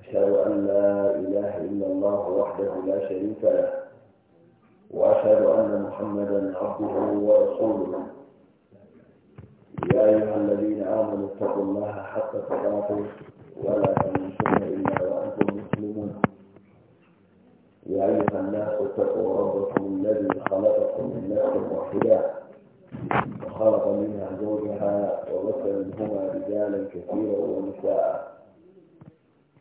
أشهد أن لا إله إلا الله وحده لا شريك له وأشهد أن محمدا عبده ورسوله يا أيها الذين آمنوا اتقوا الله حق تقاته ولا تنسون إلا وأنتم مسلمون يا أيها الناس اتقوا ربكم الذي خلقكم من نفس واحدة وخلق منها زوجها ومثل منهما رجالا كثيرا ونساء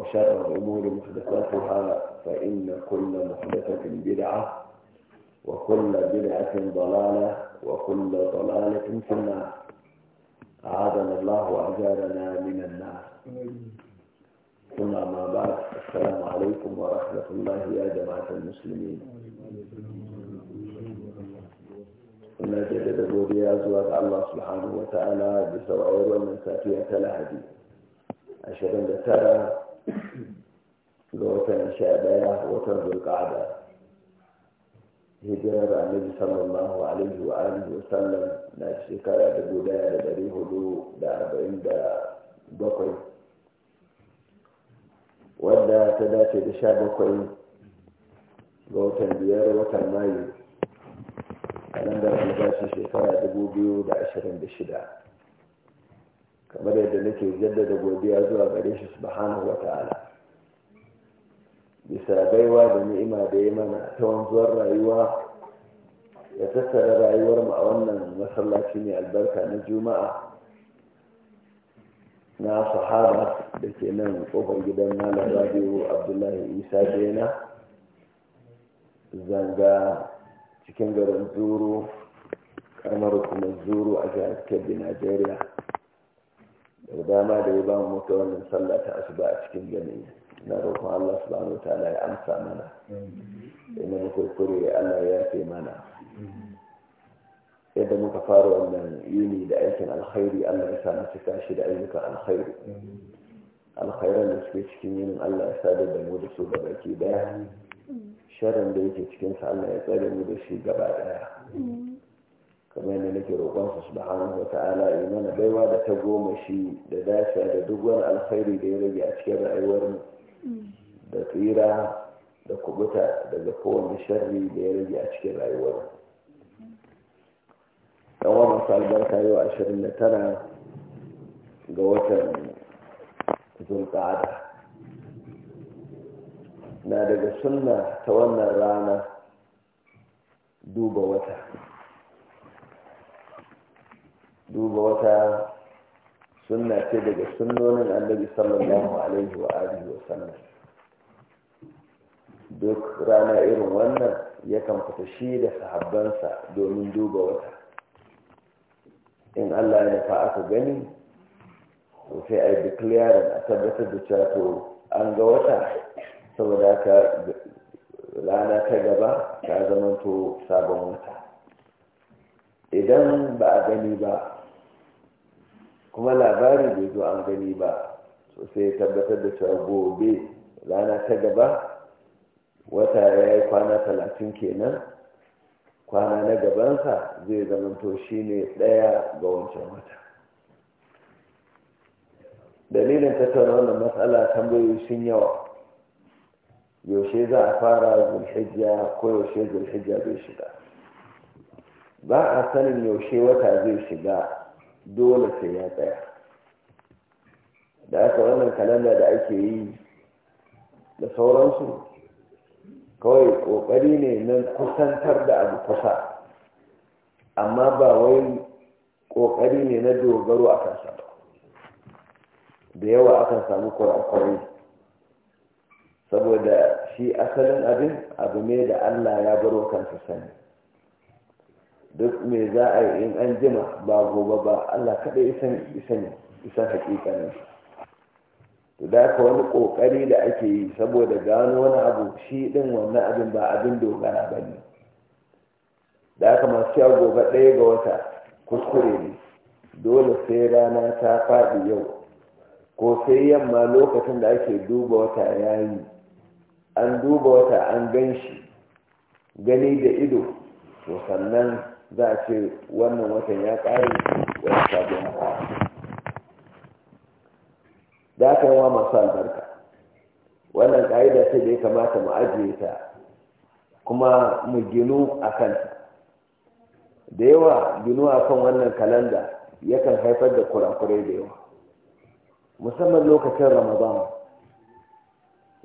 وشر الأمور محدثاتها فإن كل محدثة بدعة وكل بدعة ضلالة وكل ضلالة في النار أعاذنا الله وأجارنا من النار ثم ما بعد السلام عليكم ورحمة الله يا جماعة المسلمين Muna جدد godiya zuwa ga Allah subhanahu wa ta'ala bisa ساتية لهدي أشهد أن Lahadi. ga watan sha daya watan zulƙada hijirar annabi sallallahu alaihi wa alihi wa sallam na shekara dubu ɗaya da dari hudu da arba'in da bakwai wadda ta dace da sha bakwai ga watan biyar watan mayu a nan da albashi shekara dubu biyu da ashirin da shida kamar yadda nake jaddada godiya zuwa gare shi subhanahu wata'ala bisa gaiwa da ni'ima da ya mana ta wanzuwar rayuwa ya tattara rayuwar mu a wannan masallaci ne albarka na juma'a na sahaba da ke nan kofar gidan malam rabiu abdullahi isa bena zanga cikin garin zuru kamar kuma zuru a jihar kebbi najeriya da dama da ya ba mu muka wannan sallah ta asuba a cikin jami'i na roƙon Allah subhanahu ya amsa mana inda muka kure Allah ya yafe mana yadda muka fara wannan yini da aikin alkhairi Allah ya sa mu cika shi da ayyukan alkhairi alkhairan da suke cikin yinin Allah ya sadar da mu da su gaba ke daya sharan da yake cikinsa Allah ya tsare mu da shi gaba daya kamar yadda nake roƙon su subhanahu wata'ala yi mana baiwa da ta goma shi da dace da duk wani alkhairi da ya rage a cikin rayuwar mu da tsira da kubuta daga kowane sharri da ya rage a cikin rayuwar mu wa masu albarka yau ashirin da tara ga watan zulƙada na daga sunna ta wannan rana duba wata duba wata sunna ce daga sunnonin annabi sallallahu alaihi wa alihi wa sallam duk rana irin wannan yakan fita shi da sahabbansa domin duba wata in Allah ya nufa aka gani to sai a yi declaring a tabbatar da cewa to an ga wata saboda ka rana ta gaba ta zama to sabon wata idan ba a gani ba kuma labari bai zo an gani ba sosai tabbatar da cewa gobe rana ta gaba wata ya yi kwana talatin kenan kwana na gabansa zai zamanto shi ne ɗaya ga wancan wata dalilin tattauna wannan matsala tambayoyi sun yawa yaushe za a fara zulhijja ko yaushe zulhijja zai shiga ba a sanin yaushe wata zai shiga dole sai ya tsaya da aka wannan kalanda da ake yi da sauransu kawai kokari ne na kusantar da abu kusa amma ba wai kokari ne na dogaro a kansa ba da yawa akan samu kwarakwari saboda shi asalin abin abu ne da allah ya baro kansa sani duk mai za a yi in an jima ba gobe ba Allah kada isan isan isa ne to da ka wani kokari da ake yi saboda gano wani abu shi din wannan abin ba abin dogara ba ne da ka masu cewa gobe ɗaya ga wata kuskure ne dole sai rana ta faɗi yau ko sai yamma lokacin da ake duba wata yayi an duba wata an gan shi gani da ido to sannan za a ce wannan watan ya ƙare wani sabon ƙare da aka yawa masu albarka wannan ƙa'ida ce da ya kamata mu ajiye ta kuma mu ginu a kan. da yawa ginu a kan wannan kalanda yakan haifar da kurakurai da yawa musamman lokacin ramadan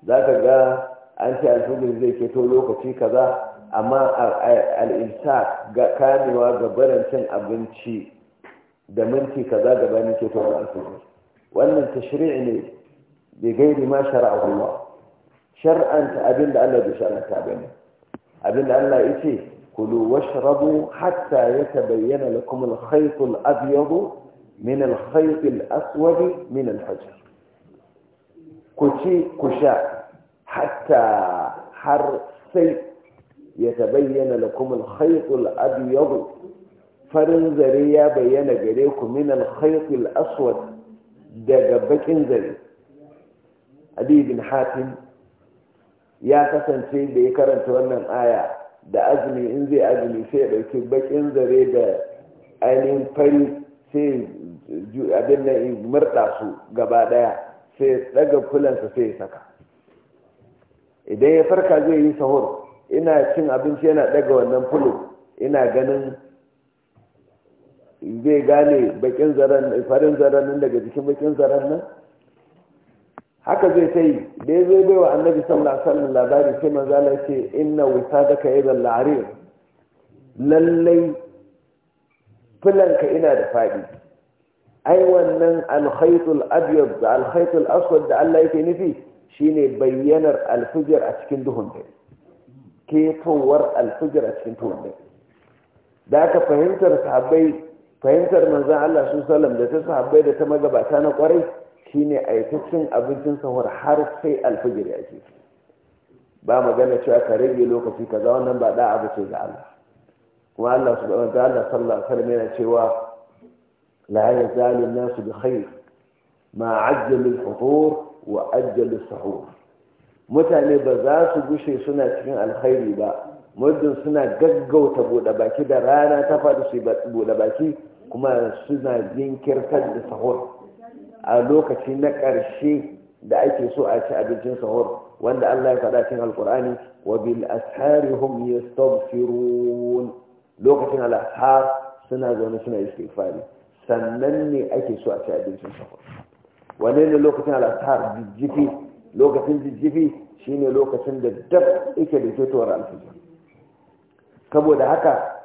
za ka ga an ce alfijir zai keto lokaci kaza amma al'insa ga kamewa ga barancin abinci da minti kaza gabanin a alfajir wannan tashri'i ne bi gairi ma shara'ahu Allah shar'anta abinda Allah bai shar'anta bane abinda Allah yace kulu washrabu hatta ya lakum al kuma al-abyad min al aswari al min ku ci ku sha hatta har sai da kuma haikul الأبيض farin zare ya bayyana gare ku min alkhaitul aswad daga bakin zare ali bin ya kasance da ya karanta wannan aya da azumi in zai azumi sai ya ɗauki bakin zare da ainihin fari sai abin su gaba ɗaya sai ɗaga fulansa sai ya saka idan ya farka zai yi sahur ina cin abinci yana daga wannan fulo ina ganin zai gane bakin zaren farin zaren nan daga jikin bakin zaren nan haka zai ta yi da ya zai baiwa annabi sallallahu alaihi wasallam labari sai manzo Allah ce inna wisadaka ila al-arir lallai filanka ina da fadi ai wannan al-khaytul abyad da al-khaytul aswad da Allah yake nufi shine bayyanar al a cikin duhun dare ketowar alfijir a cikin tuwanne da aka fahimtar sahabbai fahimtar manzan Allah su salam da ta sahabbai da ta magabata na kwarai Shi ne a yi cin abincin sahur har sai alfijir ya ke ba magana cewa ka rage lokaci ka kaza wannan ba da abu ce ga Allah kuma Allah subhanahu wa ta'ala sallallahu alaihi wasallam yana cewa la yazalu an-nasu bi khair ma ajjalu al-futur wa ajjalu as mutane ba za su gushe suna cikin alkhairi ba muddin suna gaggauta buɗe baki da rana ta faɗi su buɗe baki kuma suna jinkirtar da sahur a lokaci na ƙarshe da ake so a ci abincin sahur wanda Allah ya faɗa cikin alkur'ani wa bil ashari hum yastaghfirun lokacin al-ashar suna zaune suna istighfari sannan ne ake so a ci abincin sahur wane ne lokacin al-ashar jijjifi lokacin jijjifi shine lokacin da dab yake da fitowar alfijir saboda haka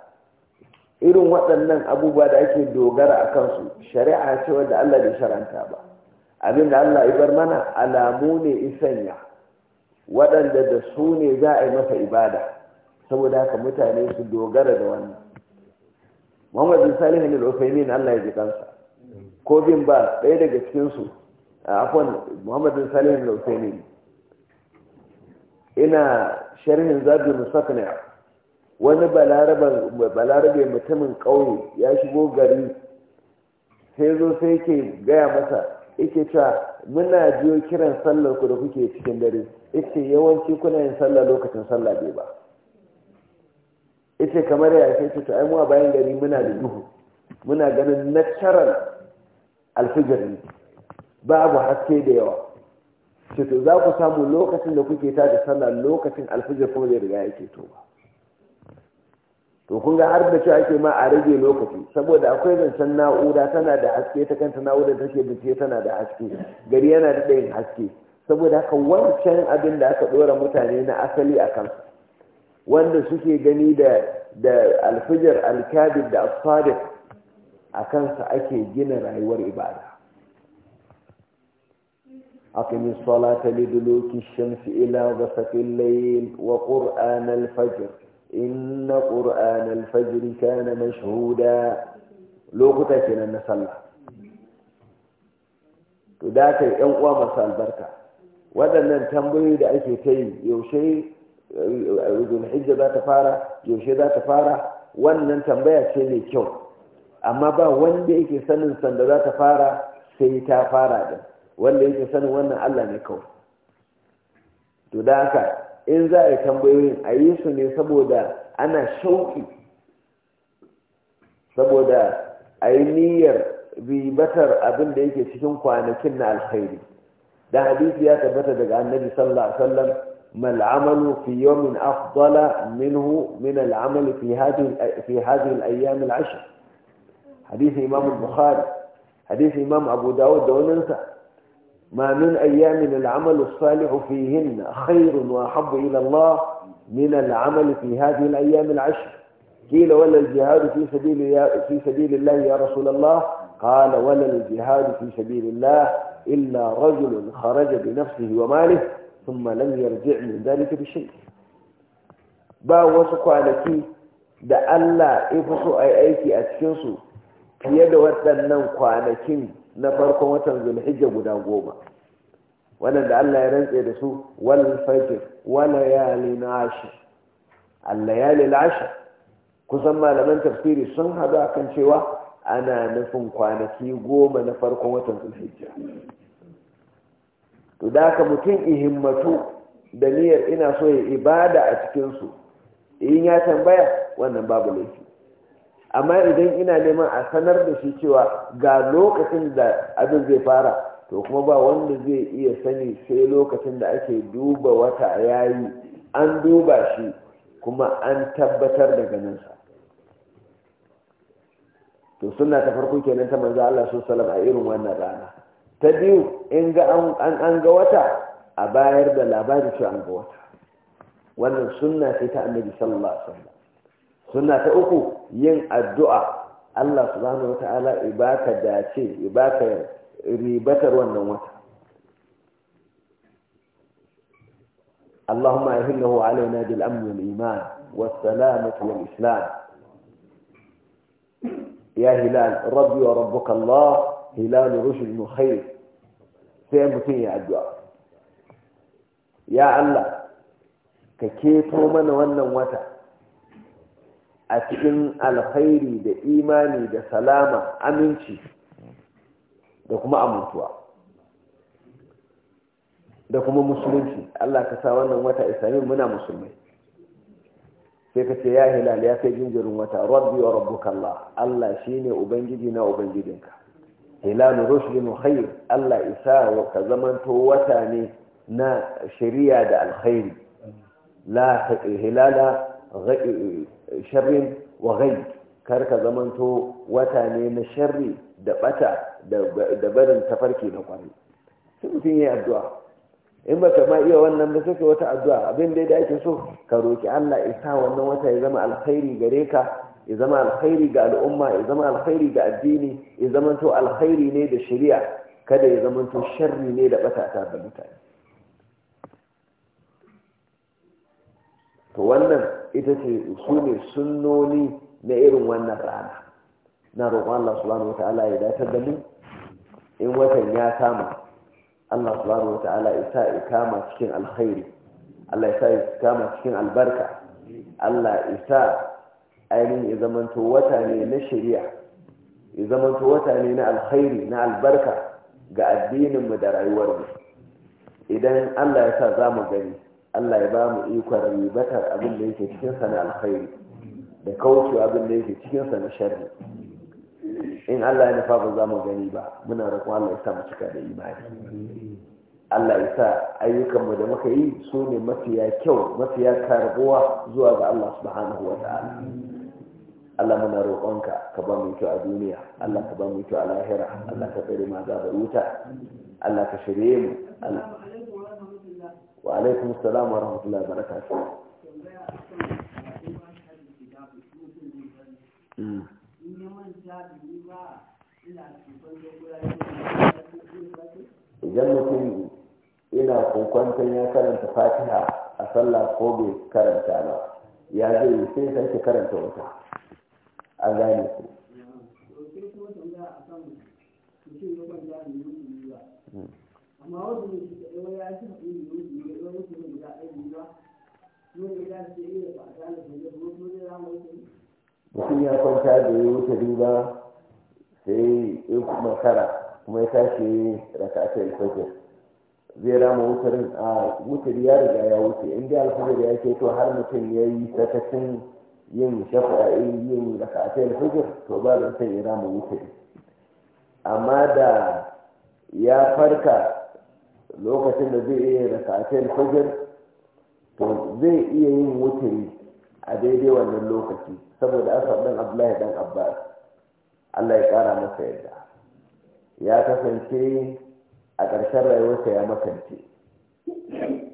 irin waɗannan abubuwa da ake dogara a kansu shari'a ce wanda Allah bai sharanta ba abin da Allah ibar mana alamu ne isanya waɗanda da su ne za a yi masa ibada saboda haka mutane su dogara da wannan Muhammad bin Salih bin Al-Uthaymeen Allah ya ji kansa ko bin ba ɗaya daga cikin su afwan Muhammad bin Salih bin Al-Uthaymeen ina sharhin zabi musakna wani balarabe mutumin ƙauye ya shigo gari sai zo sai ke gaya masa yake cewa muna jiyo kiran sallar ku da kuke cikin dare yake yawanci kuna yin sallah lokacin sallah bai ba yake kamar ya sai ce ai mu a bayan gari muna da duhu muna ganin natural alfijir ne babu haske da yawa ce za ku samu lokacin da kuke ta da sallah lokacin alfijir kuma zai riga yake to ba to kun ga har da cewa ake ma a rage lokaci saboda akwai zancen na'ura tana da haske ta kanta na'ura ta ke bincike tana da haske gari yana da ɗayin haske saboda haka wancan abin da aka ɗora mutane na asali a kan wanda suke gani da da alfijar alkabir da asfadir a kansa ake gina rayuwar ibada أقم الصلاة لدلوك الشمس إلى غسق الليل وقرآن الفجر إن قرآن الفجر كان مشهودا لو قتلنا نصلى تداك أقوى مسال بركة وذن التنبيه إذا أي شيء يوشي ذو الحجة ذات فارة يوشي ذات فارة وأن التنبيه شيء يكون أما با وين بيجي سنن سند ذات فارة سيتا فارة ده. wanda yake sanin wannan Allah ne kawai to da haka in za a yi tambayoyin a yi su ne saboda ana shauki saboda a yi niyyar ribatar abin da yake cikin kwanakin na alkhairi da hadisi ya tabbata daga annabi sallallahu alaihi wasallam mal amalu fi yawmin afdala minhu min al amali fi hadhihi fi hadhihi al ayyam al ashr hadisi imam al bukhari hadisi imam abu dawud da wannan ما من أيام العمل الصالح فيهن خير وأحب إلى الله من العمل في هذه الأيام العشر قيل ولا الجهاد في سبيل يا في سبيل الله يا رسول الله قال ولا الجهاد في سبيل الله إلا رجل خرج بنفسه وماله ثم لم يرجع من ذلك بشيء ba wasu kwanaki da Allah ya fi so a aiki a cikinsu fiye da waɗannan kwanakin na farkon watan zulhijja guda goma waɗanda Allah ya rantse da su wal fajr wa layali nashi al layali ashir kusan malaman tafsiri sun hadu kan cewa ana nufin kwanaki goma na farkon watan zulhijja to da ka mutum ihimmatu da niyyar ina so ya ibada a cikin su in ya tambaya wannan babu laifi amma idan ina neman a sanar da shi cewa ga lokacin da abin zai fara to kuma ba wanda zai iya sani sai lokacin da ake duba wata yayi an duba shi kuma an tabbatar da ganinsa to suna ta farko kenan ta manzo Allah su salam a irin wannan rana ta biyu in ga an ga wata a bayar da labarin cewa an ga wata wannan sunna ce ta annabi sallallahu alaihi wasallam سنة ta uku yin addu'a Allah subhanahu wata'ala ibaka dace ibaka ribatar wannan wata اللهم أهله علينا بالأمن والإيمان والسلامة والإسلام يا هلال ربي وربك الله هلال رشد مخير خير سيمتين يا الدعاء يا الله ككيتو من ون وتا a cikin alkhairi da imani da salama aminci da kuma amintuwa da kuma musulunci Allah ka sa wannan wata islamin muna musulmi sai ka ce ya hilal ya kai jinjirin wata rabbi wa rabbuka Allah Allah shine ubangiji na ubangijinka hilal rushdin khair Allah isa wa ka zamanto wata ne na shari'a da alkhairi la hilala sharrin wa karka kar ka zamanto wata ne na sharri da bata da barin tafarki na kwari sai mutum ya yi addu'a in ba ka ma iya wannan ba sai wata addu'a abin da ake so ka roki Allah ya sa wannan wata ya zama alkhairi gare ka ya zama alkhairi ga al'umma ya zama alkhairi ga addini ya zama to alkhairi ne da shari'a kada ya zama to sharri ne da bata ta da mutane to wannan ita ce su ne sunnoni na irin wannan rana na roƙon Allah subhanahu wata'ala ya datar da mu in watan ya kama Allah subhanahu wata'ala ya sa kama cikin alkhairi Allah ya sa kama cikin albarka Allah isa ainihin ya zamanto wata ne na shari'a ya zamanto wata ne na alkhairi na albarka ga addininmu da rayuwarmu idan Allah ya sa za mu gani Allah ya ba mu ikon ribatar abin da yake cikin sa na alkhairi da kaucewa abin da yake cikin sa na sharri in Allah ya nufa ba za mu gani ba muna roƙon Allah ya sa mu cika da imani Allah ya sa mu da muka yi su ne mafiya kyau mafiya karbuwa zuwa ga Allah subhanahu wa ta'ala Allah muna roƙonka ka ba mu kyau a duniya Allah ka ba mu kyau a lahira Allah ka tsare ma zaɓar wuta Allah ka shirye mu Allah wa alaikum assalam wa rahmatullahi wa hmm. idan mutum ina kwankwanton ya karanta fatiha a sallah ko bai karanta ba ya zai sai ki karanta wata an gane ku amma wanda ne shi kaɗai wani ya ci haɗu ne wani ne wani ne guda ɗaya ne ba wani ya ce iya ba a gane da ya kuma wani ya mu wuce mutum ya kwanta da ya wuce riba sai ya kuma kara kuma ya tashi raka'ata al-fajr zai rama wutarin a Wutar ya riga ya wuce in dai alfajir ya ce to har mutum ya yi sakacin yin shafa'in yin raka raka'ata al-fajr to ba zan sai ya rama wutar. amma da ya farka lokacin da zai iya rakatun fajr to zai iya yin wuturi a daidai wannan lokaci saboda aka dan abdullahi dan abbas allah ya kara masa yadda ya kasance a ƙarshen rayuwarsa ya makance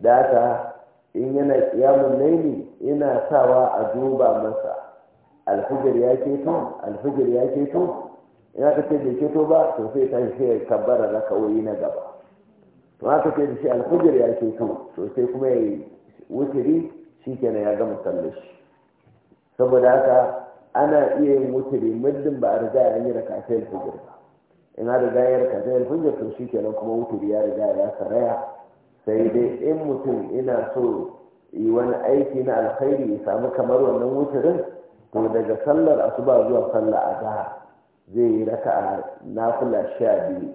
data in yana kiyamun laili ina sawa a duba masa alfijir ya to alfijir ya keto ce bai keto ba to sai ta shi kabbara rakawoyi na gaba to ka ce da shi alfajir ya ke sama to sai kuma ya yi wuturi shi na ya gama sallashi shi saboda haka ana iya yin wuturi muddin ba a riga ya yi raka sai alfajir ba in a riga ya raka sai alfajir to shi kenan kuma wuturi ya riga ya saraya sai dai in mutum ina so yi wani aiki na alkhairi ya samu kamar wannan wuturin to daga sallar asuba zuwa sallar zaha zai yi raka a nafila sha biyu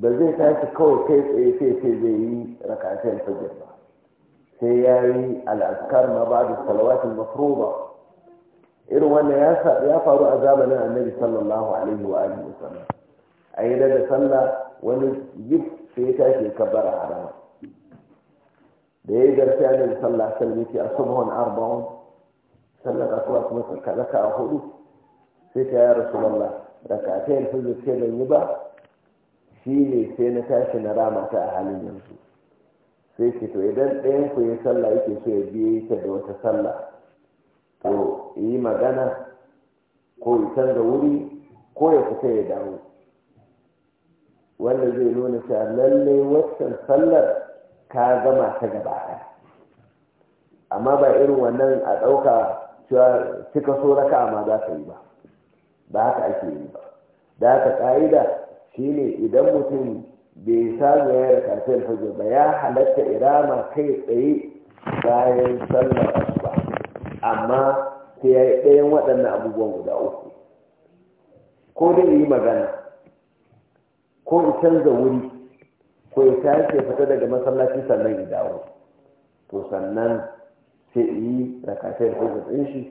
ba zai tashi kawai kai tsaye sai sai zai yi rakatun fajr ba sai ya yi al'askar ma ba da salawatin mafruba irin wannan ya faru a zamanin annabi sallallahu alaihi wa alihi wasallam a yi da sallah wani yi sai ya tashi ya kabbara harama da ya yi garfi annabi sallallahu alaihi wasallam yake asubhun arba'un sallar asuwa kuma raka a hudu sai ta lalla, da rakatai alfajr sai ban yi ba shi ne sai na tashi na rama ta a halin yanzu sai ce to idan ɗayan ku ya sallah yake so ya biye ta da wata sallah to yi magana ko yi canza wuri ko ya fita ya dawo wanda zai nuna cewa lallai waccan sallar ka gama ta gaba ɗaya amma ba irin wannan a ɗauka cewa cika so raka ma za ka yi ba ba haka ake yi ba da haka ƙa'ida shine idan mutum bai samu ya yi kafin hajji ba ya halatta irama kai tsaye bayan sallar asuba amma sai ya yi ɗayan waɗannan abubuwan guda uku ko dai yi magana ko in canza wuri ko ya tashi fita daga masallaci sannan ya dawo to sannan sai yi rakatai hajji ɗin shi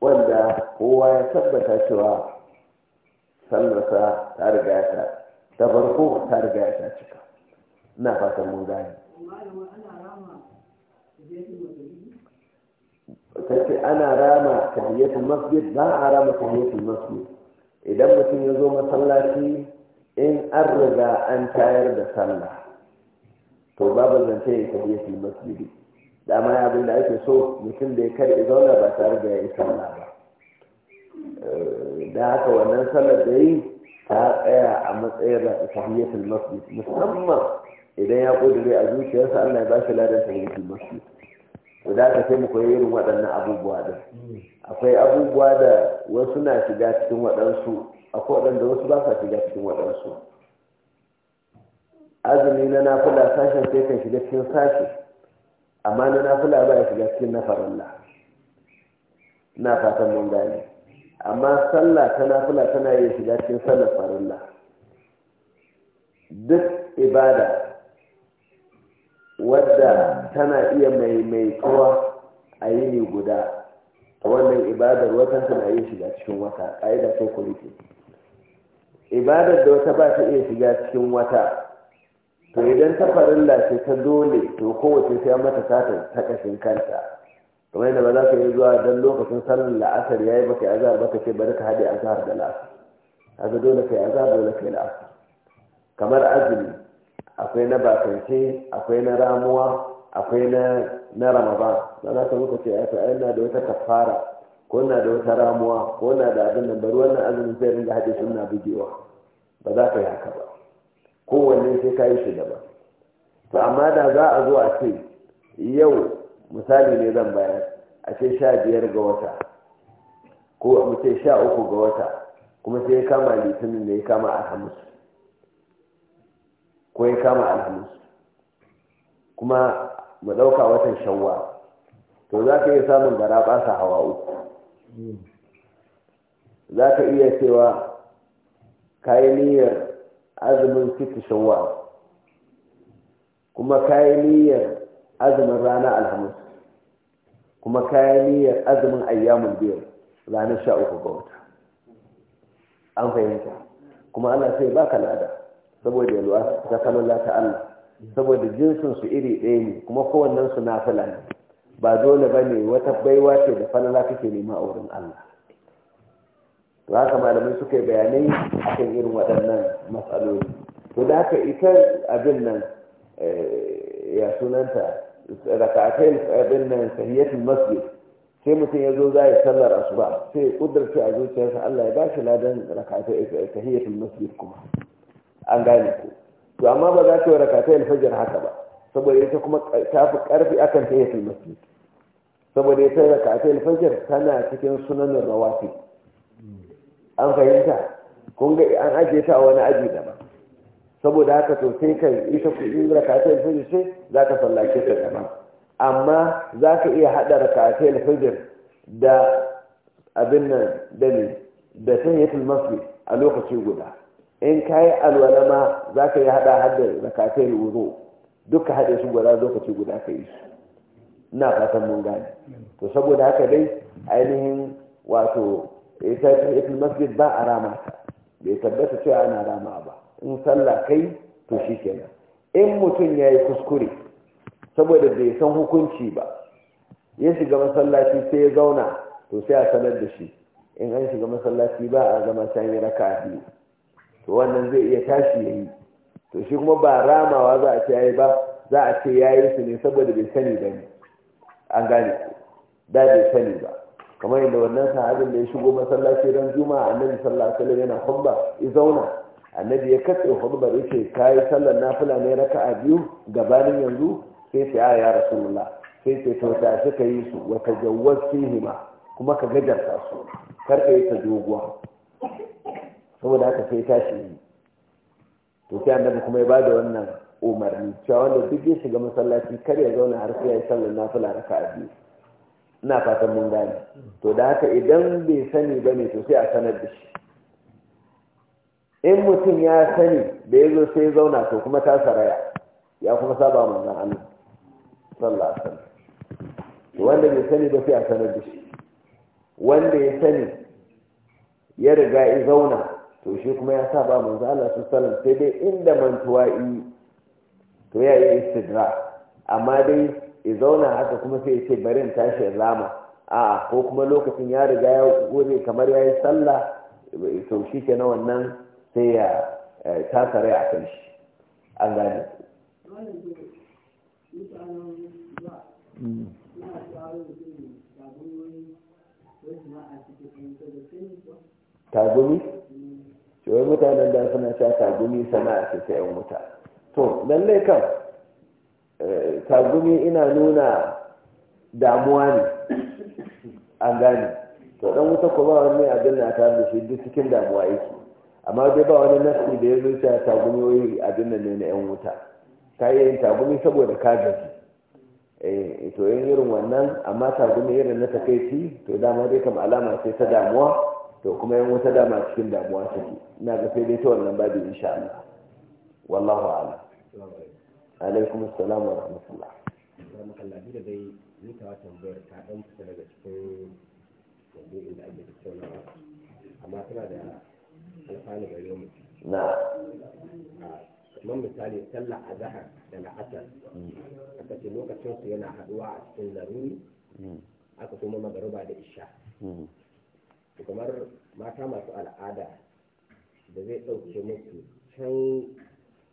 wanda kowa ya tabbata cewa sallarsa ta riga ta ta farko ta riga ta cika ina fatan mun gane ta ce ana rama tahiyatul masjid ba a rama tahiyatul masjid idan mutum ya zo masallaci in an riga an tayar da sallah to babu zance ya tahiyatul masjid dama ya abin da ake so mutum da ya kar zauna ba tare da ya yi sallah ba eh, da haka wannan sallar da yi ta tsaya a matsayin da tahiyyatul masjid musamman idan ya kudure a zuciyarsa Allah ya ba shi ladan tahiyyatul masjid to da haka sai mu koyi irin waɗannan abubuwa din akwai abubuwa da wasu na shiga cikin waɗansu akwai waɗanda wasu ba sa shiga cikin waɗansu azumi na nafila sashen sai kan shiga cikin sashi amma na nafila ba ya shiga cikin na farilla ina fatan mun gane amma sallah ta nafila tana yin shiga cikin sallar farilla duk ibada wadda tana iya kowa a yini guda a wannan ibadar wata tana iya shiga cikin wata ƙa'ida ko kulki ibadar da wata ba ta iya shiga cikin wata to idan ta farilla ce ta dole to kowace sai mata sata ta kashin kanta kamar yadda ba za ka yi zuwa don lokacin sallar la'asar ya yi baka azhar baka ce bari ka haɗe azhar da la'asar kaga dole kai azhar dole kai la'asar kamar azumi akwai na bakance akwai na ramuwa akwai na na ramadan ba za ka muka ce ai to da wata kafara ko na da wata ramuwa ko na da abin nan bari wannan azumin sai ringa haɗe na bugewa ba za ka yi haka ba kowanne sai ka yi shi daban to amma da za a zo a ce yau misali ne zan bayar a ce sha biyar ga wata ko mu ce sha uku ga wata kuma sai ya kama litinin da ya kama alhamis ko ya kama alhamis kuma mu ɗauka watan shawwa to za ka iya samun gara ɓasa hawa uku za ka iya cewa kayi niyyar azumin fiti shawwa kuma kayi niyyar azumin rana alhamis kuma kayan niyyar azumin ayyamin biyar ranar sha uku ga wata an fahimta kuma ana sai baka lada saboda yalwa ta kamar lata Allah saboda jinsin su iri ɗaya ne kuma kowannen su na ne ba dole ba ne wata baiwa ce da falala kake nema a wurin Allah to haka malamai suka yi bayanai kan irin waɗannan matsaloli to da haka ita abin nan eh, ya sunanta raka'atai abin nan tahiyatul masjid sai mutum ya zo za ya sallar asuba sai ya kudurci a zuciyarsa Allah ya ba shi ladan raka'atai tahiyatul masjid kuma an gane ku to amma ba za ta yi raka'atai alfajr haka ba saboda ita kuma ta fi karfi akan tahiyatul masjid saboda ita raka'atai alfajr tana cikin sunanin rawatib an fahimta kun ga an ajiye ta a wani aji daban saboda haka to sai kai, ita kuɗi rakatai fajr ce za ka sallake ta gaba amma za ka iya haɗa rakatai fajr da abin nan da ne da yi masjid a lokaci guda in ka yi alwala za ka yi haɗa haɗa rakatai wuzo duka haɗe su guda lokaci guda ka yi su na fatan mun gane to saboda haka dai ainihin wato ita tahiyatul masjid ba a rama ta bai tabbata cewa ana rama ba in sallah kai to shi kenan in mutum ya yi kuskure saboda bai san hukunci ba ya shiga masallaci sai ya zauna to sai a sanar da shi in an shiga masallaci ba a zama can yi raka biyu to wannan zai iya tashi ya yi to shi kuma ba ramawa za a ce yayi ba za a ce yayi su ne saboda bai sani ba ne an gane da bai sani ba kamar yadda wannan sahabin da ya shigo masallaci ran juma'a annabi sallallahu alaihi wasallam yana hamba ya zauna annabi ya katse hudubar yace kai sallar nafila ne raka'a biyu gabanin yanzu sai ta ya rasulullah sai ta to suka yi su wa tajawwaz kuma ka gajarta su kar ka yi ta doguwa saboda haka sai shi yi to sai annabi kuma ya bada wannan umarni cewa wanda duk ya shiga masallaci kar ya zauna har sai ya yi sallar nafila raka'a biyu ina fatan mun gane to da haka idan bai sani bane to sai a sanar da shi in mutum ya sani da ya zo sai zauna to kuma ta saraya ya kuma saba manzan Allah sallallahu alaihi wasallam wanda bai sani ba sai a sanar da shi wanda ya sani ya riga ya zauna to shi kuma ya saba manzan Allah sallallahu alaihi wasallam sai dai inda mantuwa yi to ya yi istidra amma dai ya zauna haka kuma sai ya ce bari in tashi rama a ko kuma lokacin ya riga ya gode kamar ya yi sallah to shi ke na wannan sai ya eh, tasa rai a kan shi an gane tagumi cewar mutanen da suna sha tagumi sana'a a cikin 'yan wuta to lallai kan eh, tagumi ina nuna damuwa ne an gane to ɗan wuta kuma wani abin na tare da shi duk cikin damuwa yake amma dai ba wani nasi da ya zo ta tagumi wai a dinnan ne na yan wuta ka iya yin tagumi saboda ka gaji eh to yin irin wannan amma tagumi irin na takaici to dama dai kam alama sai ta damuwa to kuma yan wuta dama cikin damuwa ne ina ga sai dai ta wannan babu insha Allah wallahu a'lam alaikum assalam wa rahmatullah amma tana da da yau mutum na kamar misali sallah a zahar da la'asar aka ce lokacin su yana haduwa a cikin laruri hmm. aka kuma magaruba da isha hmm. kamar mata masu al'ada da zai ɗauke musu can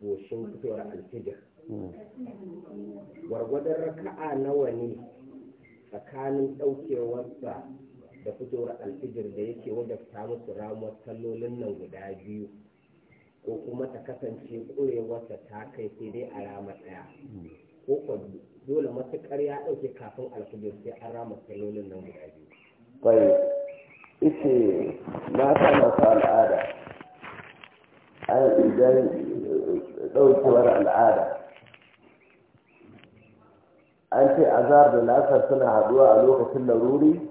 goshin fitowar alfijir hmm. gwargwadon raka'a nawa ne tsakanin ɗaukewarsa da fitowar alfijir da yake ta musu ramuwar sallolin nan guda biyu ko kuma ta kasance ƙurewarta ta kai sai dai a rama ɗaya ko kwa dole matuƙar ya ɗauke kafin alfijir sai an rama sallolin nan guda biyu bai ishe na sama su al'ada an idan eh, ɗaukewar al'ada an ce azar da lasar suna haɗuwa a lokacin laruri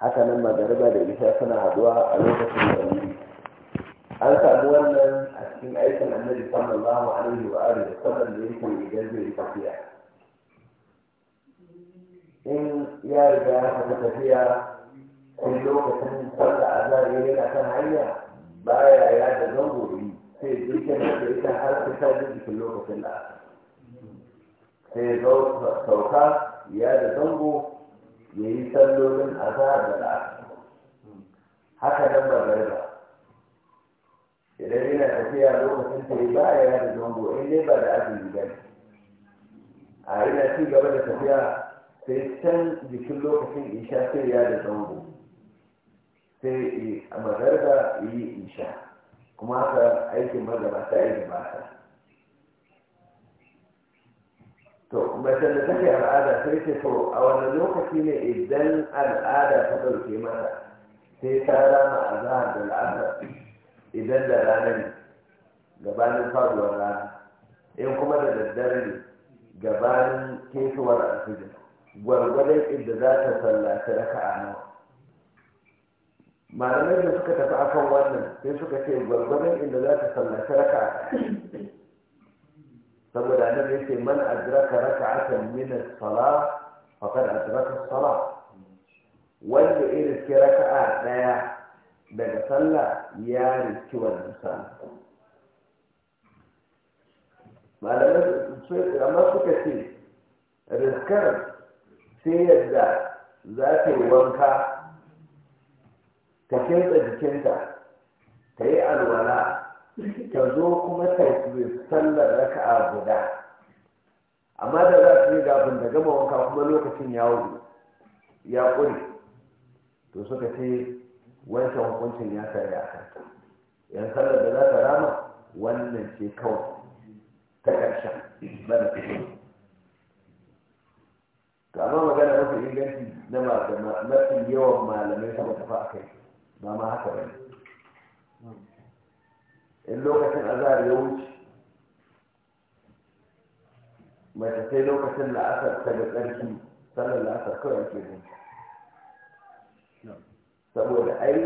haka nan magariba da isa suna haduwa a lokacin da ɗari an samu wannan a cikin aikin annabi sallallahu alaihi wa alihi da sallan da yake idan zai yi tafiya in ya riga ya fita tafiya kun lokacin sallah azari ya yana kan hanya baya ya da zango yi sai jikin da ita har ta sha jikin lokacin da sai sauka ya da zango ya yi sallolin azhar da la'asar haka nan ba ba idan yana tafiya lokacin ta ba a yi da zango in dai ba da azumi ba a yana ci gaba da tafiya sai can jikin lokacin isha sai ya da zango sai a magariba yi isha kuma haka aikin magabata ba ta to mace da take al'ada sai ce to a wani lokaci ne idan al'ada ta ɗauke mata sai ta rama a zahar da al'ada idan da rana ne gabanin faruwar rana in kuma da daddare ne gabanin kesuwar alfijir gwargwadon inda za ta sallaci raka'a nawa malamai da suka tafi akan wannan sai suka ce gwargwadon inda za ta sallaci raka'a saboda annabi yake man adraka raka'atan min as-salah faqad adraka as-salah wanda irin ke raka'a daya daga sallah ya riki wannan sallah malamai amma suka ce riskar sai yadda za ta yi wanka ta kinsa jikinta ta yi alwala ka zo kuma ta yi sallar raka a guda amma da za su yi gafin da gama wanka kuma lokacin ya wuce ya ƙuri to suka ce wancan hukuncin ya sare a kanta yan sallar da za ta rama wannan ce kawai ta ƙarshen bana fito ta amma magana mafi inganci na mafi yawan malamai sama tafi a kai ba ma haka bane in lokacin azhar ya wuce mace sai lokacin la'asar ta da tsarki sannan la'asar kawai ke zai saboda ai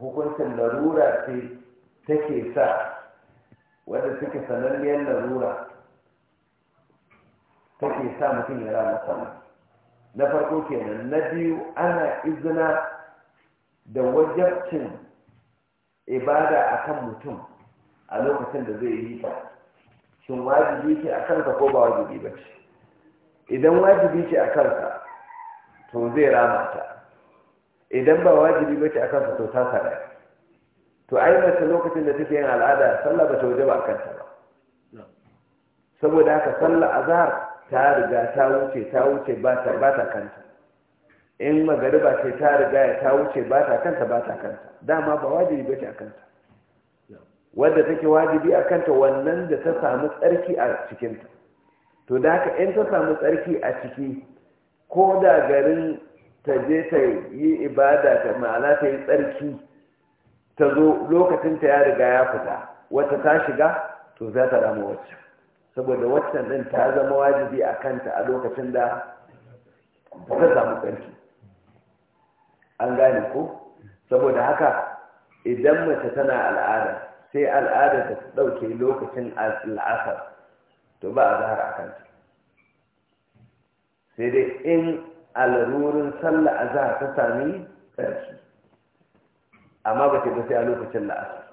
hukuncin larura ce take sa wadda suke sananniyar larura take sa mutum ya rama sama na farko kenan na biyu ana izina da wajabcin ibada a kan mutum a lokacin da zai yi ta shin wajibi ce a kanka ko ba wajibi ba ce idan wajibi ce a kanka to zai ramata. idan ba wajibi ba ce a kanka to ta sarai to ai mace lokacin da take yin al'ada sallah ba ta waje ba a kanta ba saboda haka sallah azhar ta riga ta wuce ta wuce ba ta kanta in magariba ce ta riga ya ta wuce ba ta kanta ba ta kanta dama ba wajibi ba ce a kanta wadda take wajibi a kanta wannan da ta samu tsarki a cikinta to da haka in ta samu tsarki a ciki ko da garin ta je ta yi ibada ta ma'ana ta yi tsarki ta zo lokacinta ya riga ya fita wata ta shiga to za ta rama wacce saboda waccan din ta zama wajibi a kanta a lokacin da ta samu tsarki an gane ko saboda haka idan mace tana al'ada sai al'ada ta dauke lokacin al'asar to ba a zahar a kanta sai dai in alrurin sallah a zahar ta sami ƙarfi amma ba ta sai a lokacin la'asar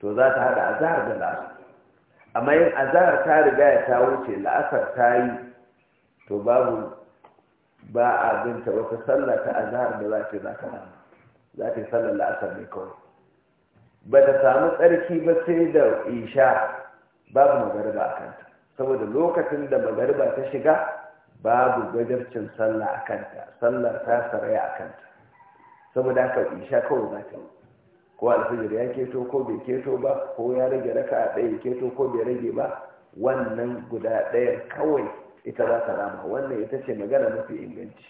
to za ta haɗa a zahar da la'asar amma yin a zahar ta riga ya ta wuce la'asar ta yi to babu ba a binta wata sallah ta azhar da za ta za ta za ta yi sallar la'asar ne kawai ba ta samu tsarki ba sai da isha babu magariba a kanta saboda lokacin da magariba ta shiga babu gajarcin sallah a kanta sallar ta saraya a kanta saboda haka isha kawai za ta ko alfijir ya keto ko bai keto ba ko ya rage raka a ɗaya keto ko bai rage ba wannan guda ɗaya kawai ita za ta rama wannan ita ce magana mafi inganci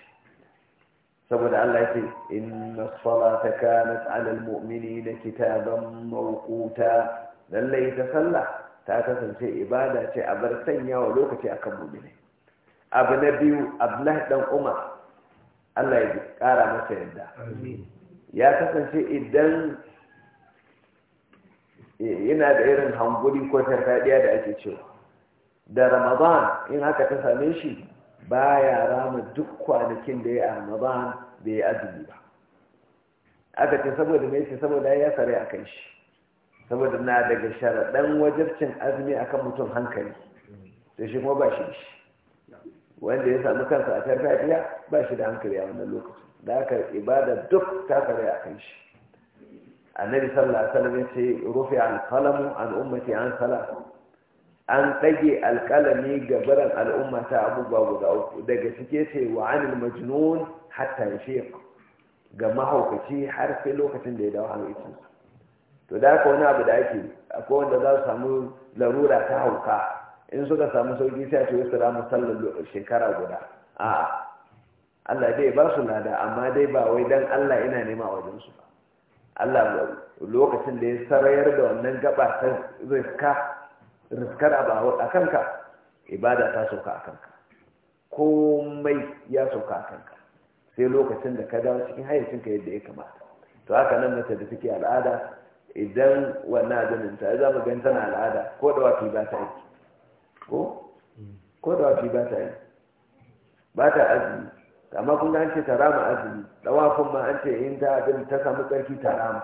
saboda Allah yake inna salata kanat ala almu'minina kitaban mawquta lalle ita sallah ta kasance ibada ce a bar sanya wa lokaci akan mu'mini abu na biyu Abdullah dan Umar Allah ya kara masa yadda ya kasance idan yana da irin hanguri ko tarfadiya da ake cewa da ramadan in haka ta same shi ba ya rama duk kwanakin da ya a ramadan da ya azumi ba aka ce saboda mai ce saboda ya sare a kan shi saboda na daga sharaɗan wajabcin azumi akan mutum hankali da shi ba shi shi wanda ya sami kansa a tarfafiya ba shi da hankali a wannan lokacin da aka ibada duk ta sare a kan shi annabi sallallahu alaihi wasallam ya ce rufi al-qalamu an ummati an salatu an ɗage alƙalami ga barin al'umma ta abubuwa guda uku daga cike ce wa anil majnun hatta shi ga mahaukaci har sai lokacin da ya dawo ita. to da haka wani abu da ake akwai wanda za su samu larura ta hauka in suka samu sauki sai a ce wasu ramu sallar shekara guda a Allah dai ba su lada amma dai ba wai dan Allah ina nema wajen su ba Allah lokacin da ya sarayar da wannan gaba ta zai riskar abu a kanka ibada ta sauka a kanka komai ya sauka a kanka sai lokacin da ka dawo cikin hayyacinka yadda ya kamata to haka nan mace da suke al'ada idan wannan adinin ta za mu gan tana al'ada ko da wafi ba ta yi ko ko da wafi ba ta yi ba ta azumi amma kun an ce ta rama azumi dawafin ma an ce in ta abin ta samu tsarki ta rama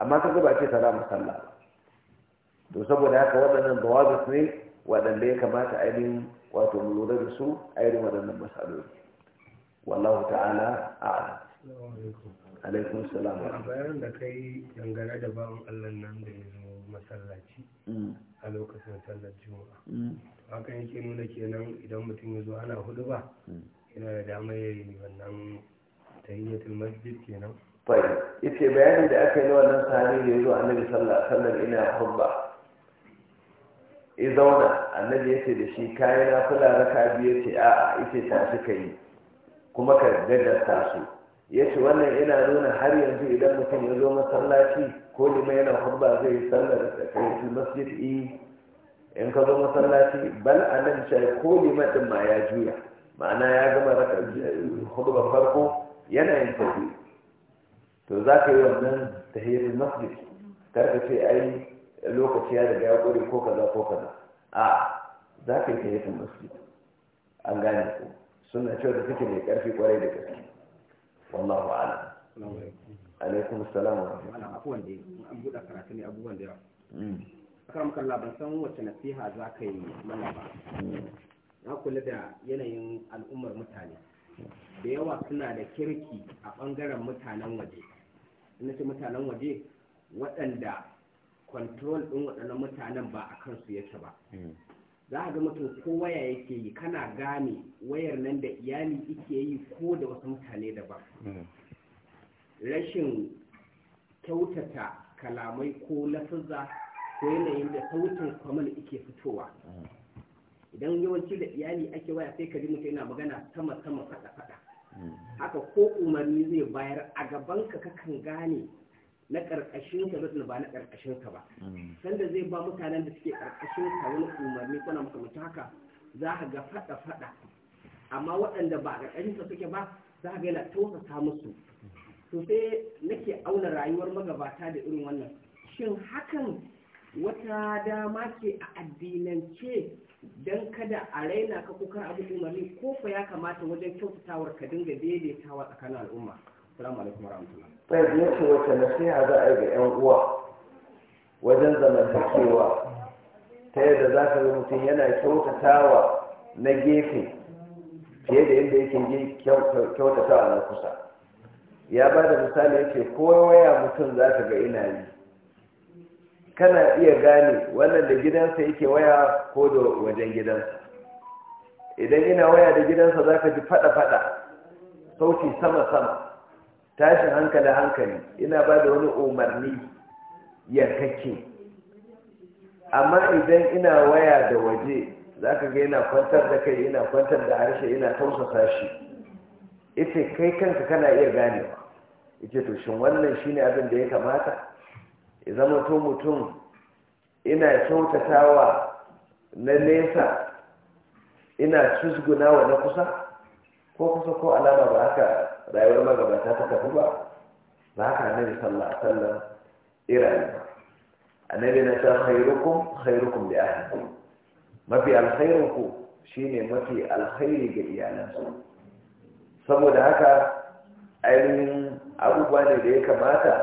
amma ka ba ce ta rama sallah ba to saboda haka waɗannan dawabit ne waɗanda ya kamata ainihin wato mu lura da su ainihin waɗannan masaloli wallahu ta'ala a alaikun salam a bayan da kai dangane da babu allah nan da ya masallaci mm. a lokacin sallar juma'a mm. haka yake nuna kenan idan mutum ya zo ana hudu ba mm. yana da damar ya yi wannan tahiyyatul masjid kenan fai ita bayanin da aka yi na wannan sami da ya zo annabi sallar ina hubba ya zauna annabi ya ce da shi kayi na fula raka biyu ce a'a ita ta suka yi kuma ka gajarta su ya ce wannan yana nuna har yanzu idan mutum ya zo masallaci ko lima yana hurba zai yi sallar da kai masjid i e, in ka zo masallaci bal a nan shi ko lima din ma ya juya ma'ana ya gama raka hurba farko yana yin tafi to za ka yi wannan tahiyyar masjid kar ka ce ai lokaci ya daga ya kure ko kaza ko kaza a za ka yi tayyatun masjid an gane ku. suna cewa da suke mai karfi kwarai da gaske wallahu a'lam alaikum salam wa rahmatullahi abubuwan da an buɗe karatu ne abubuwan da yawa mm. akaram kalla ban san wacce nasiha za ka yi mana ba mm. na kula da yanayin al'ummar mutane da yawa suna da kirki a ɓangaren mutanen waje ina ce mutanen waje waɗanda control ɗin waɗannan mutanen ba a kansu yake ba hmm. za a ga mutum ko waya yake yi kana gane wayar nan da iyali ike yi ko da wasu mutane daban hmm. rashin kyautata kalamai ko lafuzza ko yanayin da sautin kwamal ike fitowa hmm. idan yawanci da iyali ake waya sai ka ji mutum yana magana sama sama fada fada haka ko umarni zai bayar a gaban ka kakan gane na karkashin ka ba na karkashin ka ba sanda zai ba mutanen da suke karkashin ka wani umarni kuna mutu haka za ka ga fada fada amma waɗanda ba a karkashin ka suke ba za a ga yana tausasa musu to sai nake auna rayuwar magabata da irin wannan shin hakan wata dama ce a addinance don kada a raina ka kukar abu umarni ko fa ya kamata wajen kyautatawar ka dinga daidaitawa tsakanin al'umma Assalamu alaikum warahmatullahi. ya ce wata nasiha za a yi ga 'yan uwa wajen zamantakewa ta yadda za ka mutum yana kyautatawa na gefe fiye da yadda yake kyautatawa na kusa. Ya ba da misali yake ko waya mutum za ka ga ina yi. Kana iya gane wannan da gidansa yake waya ko da wajen gidansa. Idan ina waya da gidansa za ka ji faɗa-faɗa, sauti sama-sama. tashin hankali hankali ina ba da wani umarni ya amma idan ina waya da waje za ka ga yana kwantar da kai yana kwantar da harshe yana tausasa shi ita kai kanka kana iya ganewa ita to shin wannan ne abin da ya kamata ya zama to mutum ina kyautatawa na nesa ina cusguna na kusa ko kusa ko alama ba haka rayuwar magabata ta tafi ba ba haka annabi sallallahu alaihi wasallam irani annabi na ta khairukum khairukum li ahli mafi alkhairuku shine mafi alkhairi ga iyalansu saboda haka ainihin abubuwa ne da ya kamata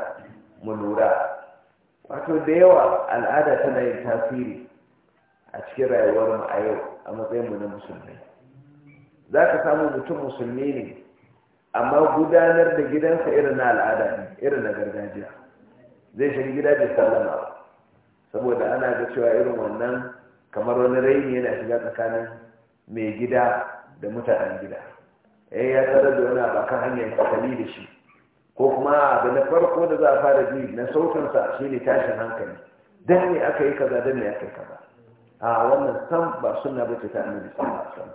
mu lura wato da yawa al'ada tana yin tasiri a cikin rayuwar mu a yau a matsayin mu na musulmai za ka samu mutum musulmi ne amma gudanar da gidansa irin na al'ada ne irin na gargajiya zai shiga gida da sallama saboda ana ga cewa irin wannan kamar wani raini yana shiga tsakanin mai gida da mutanen gida eh ya tsara da wani abu kan hanyar tsakali da shi ko kuma abu na farko da za a fara ji na sautinsa shi ne tashin hankali dan ne aka yi kaza dan ne aka yi kaza a wannan san ba suna bace ta annabi sallallahu alaihi wasallam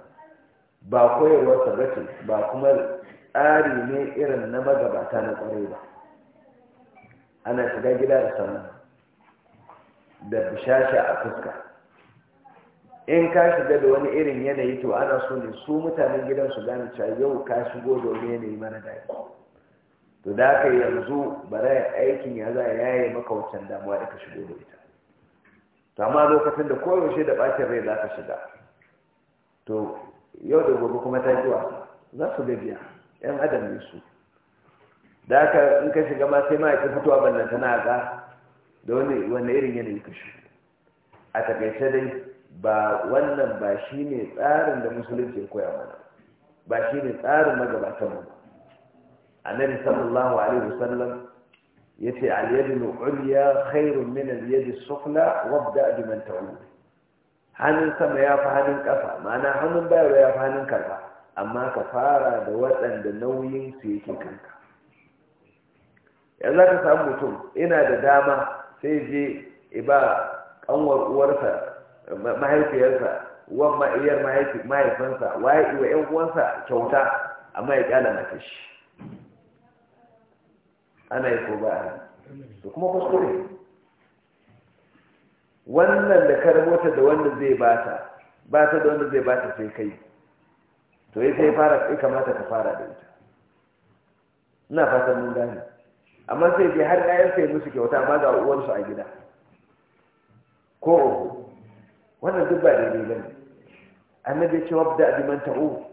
ba koyarwarsa bace ba kuma tsari ne irin na magabata na kwarai ba ana shiga gida da sannan da bishasha a fuska in ka shiga da wani irin yanayi to ana so ne su mutanen gidan su gane cewa yau ka shigo da wani yanayi mara daɗi to da yi yanzu bara aikin ya za ya yi maka wancan damuwa da ka shigo da ita to amma lokacin da koyaushe da ɓacin rai za ka shiga to yau da gobe kuma ta wasa za su gajiya yan adam ne su da aka in ka shiga ma sai ma ya fitowa bannan tana ka da wani wani irin yanayi ka shi a takaice dai ba wannan ba shi ne tsarin da musulunci koya mana ba shi ne tsarin magabatan mu annabi sallallahu alaihi wasallam yace al-yadu al-ulya khairun min al sufla wabda bi ta'ud hannun sama ya fi hannun kafa ma'ana hannun bayarwa ya fi hannun karfa amma ka fara da waɗanda nauyin su yake kanka yanzu ka samu mutum ina da dama sai je iba kanwar uwarsa mahaifiyarsa wan ma'iyar mahaifansa waye iwa yan uwansa kyauta amma ya kyala mata shi ana yi ko ba a da kuma kuskure wannan da ka da wanda zai bata bata da wanda zai bata sai kai to ya sai fara ya kamata ka fara da ita ina fatan mun gane amma sai je har ɗayan sai musu kyauta amma ga uwarsu a gida ko uku wannan duk ba daidai ba ne annabi ce wabda abiman ta'u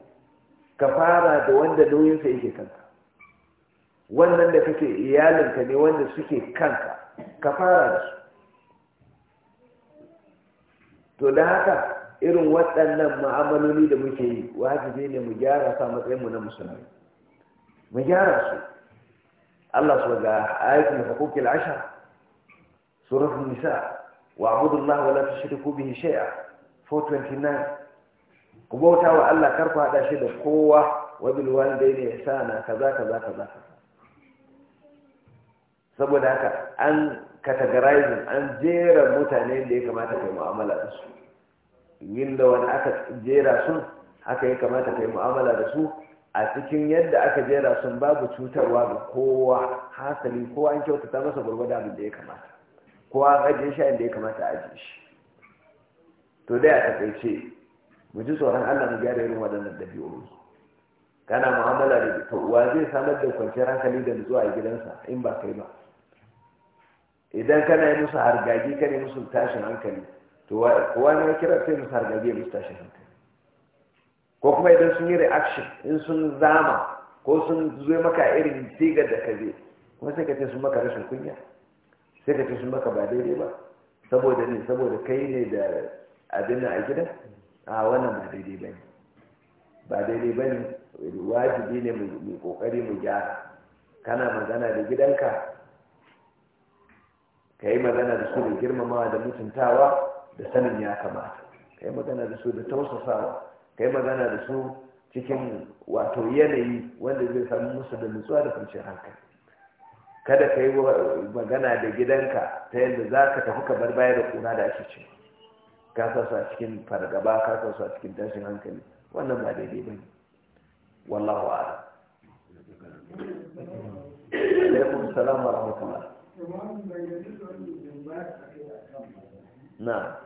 ka fara da wanda nauyinsa yake kanka wannan da kake iyalinka ne wanda suke kanka ka fara da su to da haka irin waɗannan ma'amaloli da muke yi wajibi ne mu gyara sa matsayin mu na musulmi mu gyara su Allah su ga ayatul hukukil ashar surah nisa wa abudu Allah wa la tushriku bihi shay'a 429 ku bauta wa Allah kar ku hada shi da kowa wa bil walidayni ihsana kaza kaza kaza saboda haka an categorizing an jera mutane da ya kamata kai mu'amala da su yinda wani aka jera su aka yi kamata ka yi mu'amala da su a cikin yadda aka jera sun babu cutarwa da kowa hasali kowa an kyautata masa gwargwada abin da ya kamata kowa an ajiye shi inda ya kamata a ajiye shi to dai a takaice mu ji tsoron allah mu gyara irin waɗannan ɗabi'o'i kana mu'amala da to wa zai samar da kwanciyar hankali da nutsuwa a gidansa in ba kai ba idan kana yi musu hargagi kana yi musu tashin hankali to kowa ne kira sai musu hargabe musu tashi hankali ko kuma idan sun yi reaction in sun zama ko sun zuwa maka irin siga da kaje kuma sai ka ce sun maka rashin kunya sai ka ce sun maka ba daidai ba saboda ne saboda kai ne da abin a gidan a wannan ba daidai ba ne ba daidai ba ne wajibi ne mai kokari mu gyara kana magana da gidanka ka yi magana da su da girmamawa da mutuntawa da sanin ya kamata kai magana da su da tausasawa kai magana da su cikin wato yanayi wanda zai samu musu da nutsuwa da kwanciyar hankali kada ka yi magana da gidanka ta yadda za ka tafi ka bar baya da kuna da ake ce ka sa a cikin fargaba ka sa a cikin tashin hankali wannan ba daidai ba ne wallahu a'lam alaikum salam wa rahmatullah na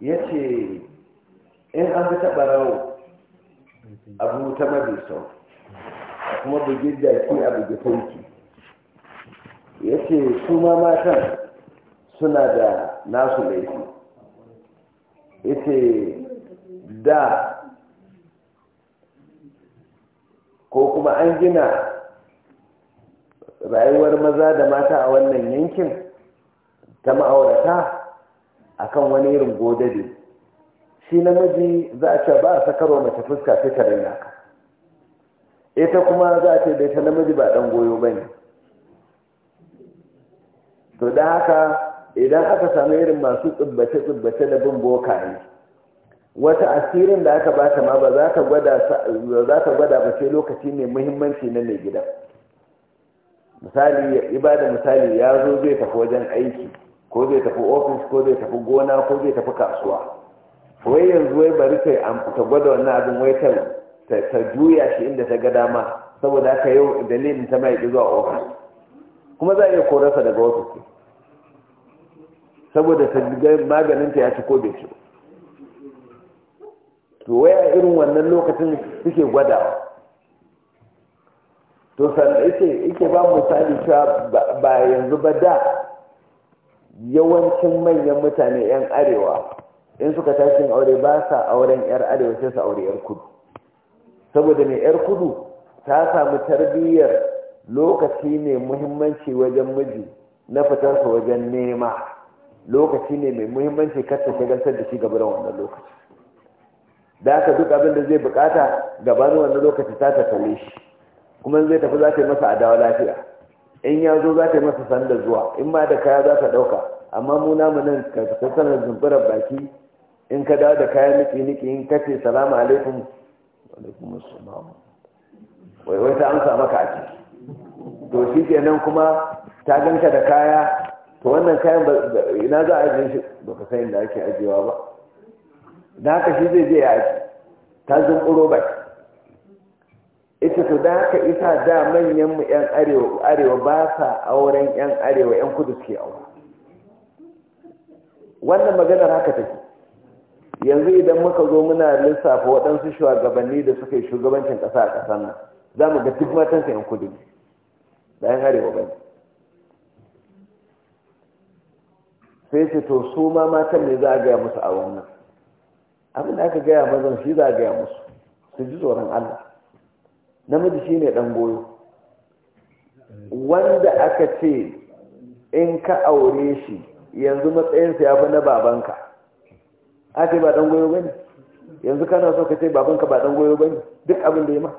ya ce in an fi taɓa rawo abu ta mafi sau kuma bugi jaki a bugi sauki ya ce su ma matan suna da nasu laifi ya ce da ko kuma an gina rayuwar maza da mata a wannan yankin ta ma'aurata a kan wani irin godade shi namiji za a ce ba a sakarwa mace fuska sai ta raina ka ita kuma za a ce da ta namiji ba dan goyo ba ne to da haka idan aka sami irin masu tsubbace-tsubbace da bin boka ne, wata asirin da aka bata ma ba za ta gwada ba sai lokaci mai muhimmanci na mai gida misali ibada misali ya zo zai tafi wajen aiki ko zai tafi ofis ko zai tafi gona ko zai tafi kasuwa wai yanzu wai bari ta gwada wannan abin wai ta juya shi inda ta ga dama saboda haka yau dalilin ta mai zuwa ofis kuma za a iya korarsa daga ofis saboda ta ta ya ci ko bai ci to wai a irin wannan lokacin suke gwadawa to sannan ike ba misali cewa ba yanzu ba da yawancin manyan mutane 'yan arewa in suka tashi aure ba sa auren 'yar arewa sai su aure 'yar kudu saboda mai 'yar kudu ta samu tarbiyyar lokaci ne muhimmanci wajen miji na fitar su wajen nema lokaci ne mai muhimmanci kasta shagaltar da shi gaba da wannan lokaci da haka duk abin da zai bukata gabanin wannan lokaci ta tattale shi kuma zai tafi za ta yi masa adawa lafiya in ya zo za ta yi masa sanda zuwa in ma da kaya za ta ɗauka amma mu namu nan ka ta sanar zumburar baki in ka dawo da kaya niki niki in ka ce salamu alaikum alaikum assalam wai wai ta amsa maka a ciki to shi kenan kuma ta ganka da kaya to wannan kayan ina za a ajiye shi ba ka san inda ake ajiyewa ba da haka shi zai je ya ta zumburo baki ita to da haka isa da manyan mu yan arewa arewa ba sa auren yan arewa yan kudu suke aure wannan maganar haka take yanzu idan muka zo muna lissafa waɗansu shugabanni da suka yi shugabancin ƙasa a ƙasar nan za mu ga duk matan yan kudu ne da yan arewa ba sai ce to su ma matan ne za a gaya musu a wannan abin da aka gaya mazan shi za a gaya musu su ji tsoron allah namiji shine ɗan goyo wanda aka ce in ka aure shi yanzu matsayinsa ya fi na babanka a ce ba ɗan goyo ne? yanzu kana so ka ce babanka ba ɗan goyo ne? duk abin da ya ma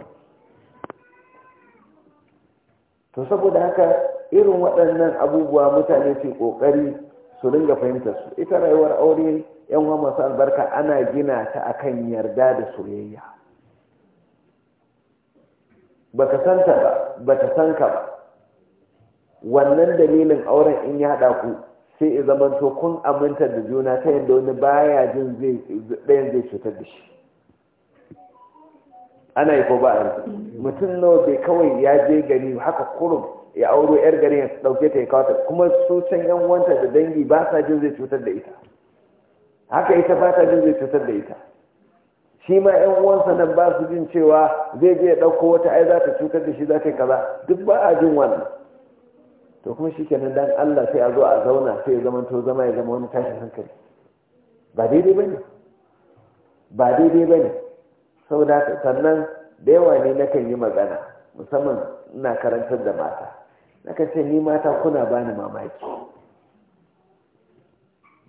to saboda haka irin waɗannan abubuwa mutane ce ƙoƙari su ringa fahimtar su ita rayuwar aure yan wa masu albarka ana gina ta akan yarda da soyayya baka santa ba bata san ka ba wannan dalilin auren in ya hada ku sai ya zama to kun aminta da juna ta yadda wani baya jin zai ɗayan zai cutar da shi ana yi ko ba a mutum nawa bai kawai ya je gari haka kurum ya auro yar gari ya dauke ta ya kawo ta kuma su can yan wanta da dangi ba sa jin zai cutar da ita haka ita ba ta jin zai cutar da ita shi ma yan uwansa nan ba su jin cewa zai je ya ɗauko wata ai za ta cutar da shi za ta kaza duk ba a jin wannan to kuma shi kenan dan Allah sai a zo a zauna sai ya zama to zama ya zama wani tashin hankali ba daidai ba ne ba daidai ba ne saboda sannan da yawa ne nakan yi magana musamman ina karantar da mata kan ce ni mata kuna bani mamaki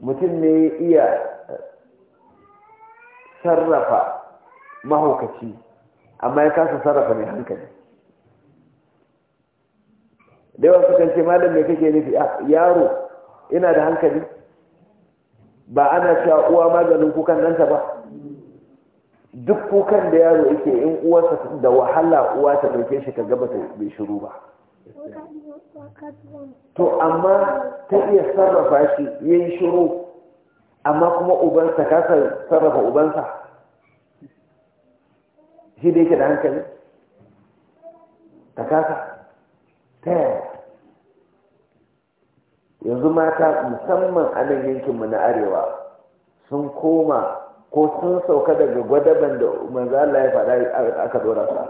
mutum ne iya sarrafa mahaukaci amma ya kasa sarrafa mai hankali da yawan sukan ce malam mai kake nufi ah, yaro ina da hankali ba ana cewa uwa maganin kukan ɗanta ba duk kukan da yaro yake in uwarsa da wahala uwa ta ɗauke shi ka gaba bai shiru ba to amma ta iya sarrafa shi yin shiru amma kuma ubansa ka sarrafa ubansa shi da yake da hankali ta kasa ta yaya yanzu mata musamman a nan yankinmu na arewa sun koma ko sun sauka daga gwadaban da Allah ya faɗa aka dora sa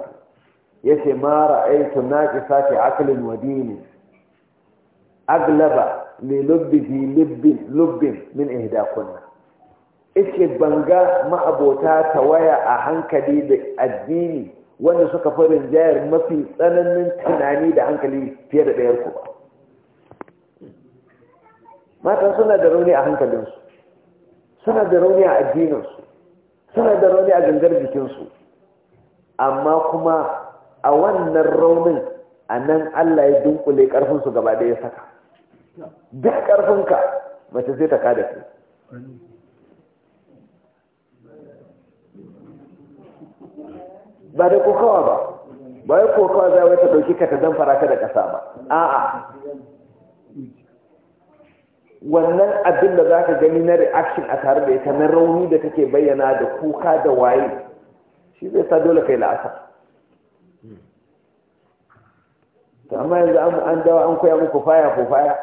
ya ce mara aitu na ƙisa ce akalin wadini aglaba lilubbi fi lubbin lubbin min ihdakunna ice banga ma'abota waya a hankali da addini wanda suka fi rinjayar mafi tsananin tunani da hankali fiye da ɗayar ku ba mata suna da rauni a hankalinsu suna da rauni a addininsu suna da rauni a gangar jikinsu amma kuma a wannan raunin a nan allah ya dunkule ƙarfinsu gaba ɗaya saka duk ƙarfinka mace zai ta kada su ba da kokawa ba ba ya kokawa za ta ɗauki ka ta zamfara ka da ƙasa ba a'a wannan abin da za ka gani na reaction a tare da ita na rauni da take bayyana da kuka da waye shi zai sa dole kai la'asar amma yanzu an dawa an koya muku faya ko faya